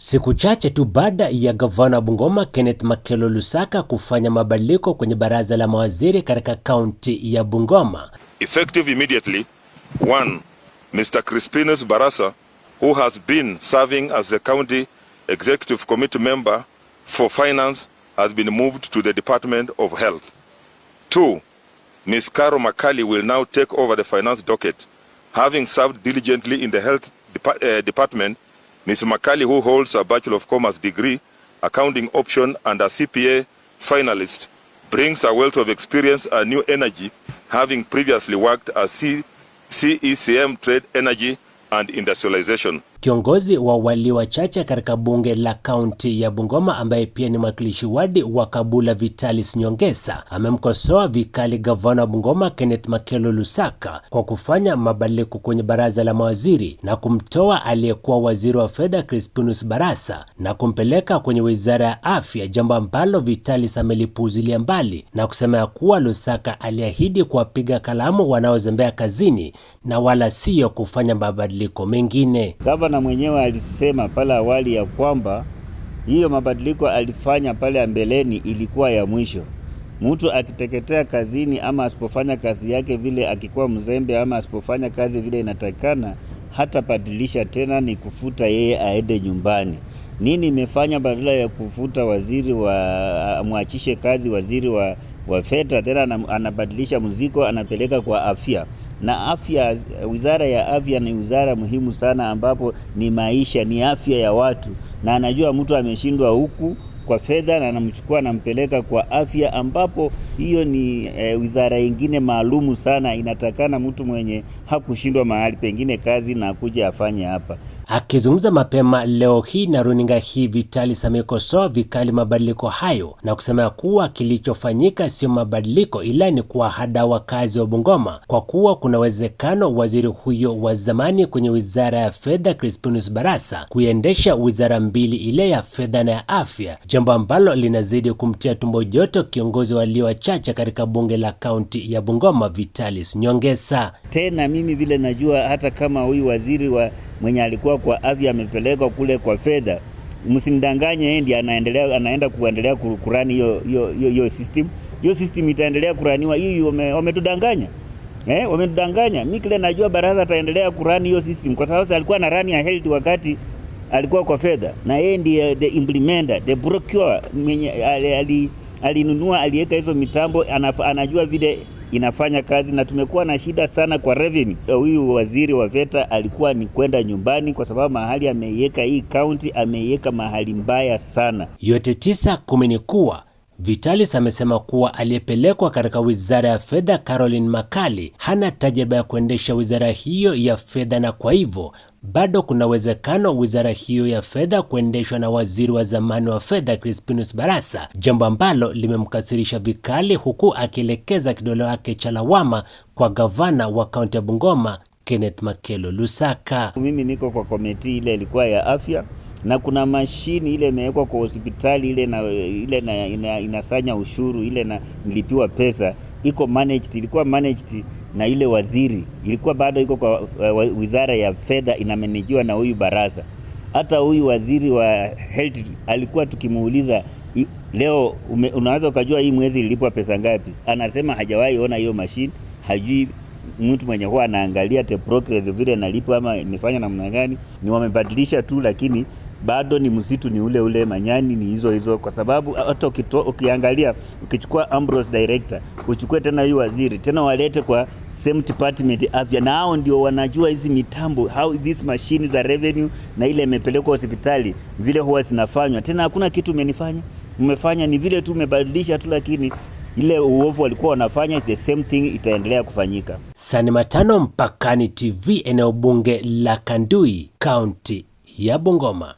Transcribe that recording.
Siku chache tu baada ya gavana wa Bungoma Kenneth Makelo Lusaka kufanya mabadiliko kwenye baraza la mawaziri katika kaunti ya Bungoma. Effective immediately, one, Mr. Crispinus Barasa who has been serving as the county executive committee member for finance has been moved to the Department of Health. Two, Ms. Caro Makali will now take over the finance docket having served diligently in the health de uh, eh, department Ms. Makali, who holds a Bachelor of Commerce degree, accounting option, and a CPA finalist, brings a wealth of experience and new energy, having previously worked as CECM Trade Energy and industrialization. Kiongozi wa walio wachache katika bunge la kaunti ya Bungoma ambaye pia ni mwakilishi wadi wa Kabula Vitalis Nyongesa amemkosoa vikali gavana wa Bungoma Kenneth Makelo Lusaka kwa kufanya mabadiliko kwenye baraza la mawaziri na kumtoa aliyekuwa waziri wa fedha Crispinus Barasa na kumpeleka kwenye wizara ya afya, jambo ambalo Vitalis amelipuuzilia mbali na kusema ya kuwa Lusaka aliahidi kuwapiga kalamu wanaozembea kazini na wala siyo kufanya mabadiliko mabadiliko mengine. Gavana mwenyewe alisema pale awali ya kwamba hiyo mabadiliko alifanya pale mbeleni ilikuwa ya mwisho. Mtu akiteketea kazini ama asipofanya kazi yake vile, akikuwa mzembe ama asipofanya kazi vile inatakikana, hatabadilisha tena, ni kufuta yeye aende nyumbani. Nini imefanya badala ya kufuta waziri wa amwachishe kazi waziri wa, wa fedha, tena anabadilisha mziko anapeleka kwa afya na afya. Wizara ya afya ni wizara muhimu sana, ambapo ni maisha, ni afya ya watu, na anajua mtu ameshindwa huku kwa fedha na anamchukua anampeleka kwa afya, ambapo hiyo ni e, wizara ingine maalumu sana. Inatakana mtu mwenye hakushindwa mahali pengine kazi na kuja afanye hapa. Akizungumza mapema leo hii na runinga hii, Vitali amekosoa vikali mabadiliko hayo na kusema kuwa kilichofanyika sio mabadiliko, ila ni kuwahadaa wakazi wa Bungoma, kwa kuwa kuna uwezekano waziri huyo wa zamani kwenye wizara ya fedha Crispinus Barasa kuiendesha wizara mbili, ile ya fedha na ya afya, jambo ambalo linazidi kumtia tumbo joto kiongozi walio wachache katika bunge la kaunti ya Bungoma, Vitalis Nyongesa. Tena mimi vile najua, hata kama huyu waziri wa mwenye alikuwa kwa afya amepelekwa kule kwa fedha, msimdanganye yeye ndiye anaendelea anaenda kuendelea kurani hiyo hiyo hiyo system. Hiyo system itaendelea kuraniwa. Hii wametudanganya eh, wametudanganya. Mimi kile najua Baraza ataendelea kurani hiyo system kwa sababu alikuwa na rani ya health wakati alikuwa kwa fedha, na yeye ndiye the implementer, the procurer mwenye alinunua, aliweka hizo mitambo, anajua vile inafanya kazi, na tumekuwa na shida sana kwa revenue. Eh, huyu waziri wa VETA alikuwa ni kwenda nyumbani, kwa sababu mahali ameiweka hii kaunti ameiweka mahali mbaya sana. Yote tisa kumi ni kuwa Vitalis amesema kuwa aliyepelekwa katika wizara ya fedha Caroline Makali hana tajriba ya kuendesha wizara hiyo ya fedha, na kwa hivyo bado kuna uwezekano wizara hiyo ya fedha kuendeshwa na waziri wa zamani wa fedha Crispinus Barasa, jambo ambalo limemkasirisha vikali, huku akielekeza kidole wake cha lawama kwa gavana wa kaunti ya Bungoma Kenneth Makelo Lusaka. Mimi niko kwa komiti ile ilikuwa ya afya na kuna mashini ile imewekwa kwa hospitali ile, na, ile na, ina, inasanya ushuru ile na nilipiwa pesa iko managed, ilikuwa managed na ile waziri, ilikuwa bado iko kwa eh, wizara ya fedha inamanajiwa na huyu Barasa. Hata huyu waziri wa health alikuwa tukimuuliza leo ume, unaweza ukajua hii mwezi ilipwa pesa ngapi? Anasema hajawahi ona hiyo machine, hajui mtu mwenye huwa anaangalia the progress vile analipwa ama imefanya namna gani, ni wamebadilisha tu, lakini bado ni msitu ni ule ule, manyani ni hizo hizo, kwa sababu hata ukiangalia, ukichukua Ambrose director, uchukue tena huyu waziri tena, walete kwa same department afya, na hao ndio wanajua hizi mitambo, how these machines za revenue na ile imepelekwa hospitali vile huwa zinafanywa. Tena hakuna kitu umenifanya umefanya ni vile tu umebadilisha tu, lakini ile uovu walikuwa wanafanya the same thing itaendelea kufanyika. Sani Matano, Mpakani TV, eneo bunge la Kandui, kaunti ya Bungoma.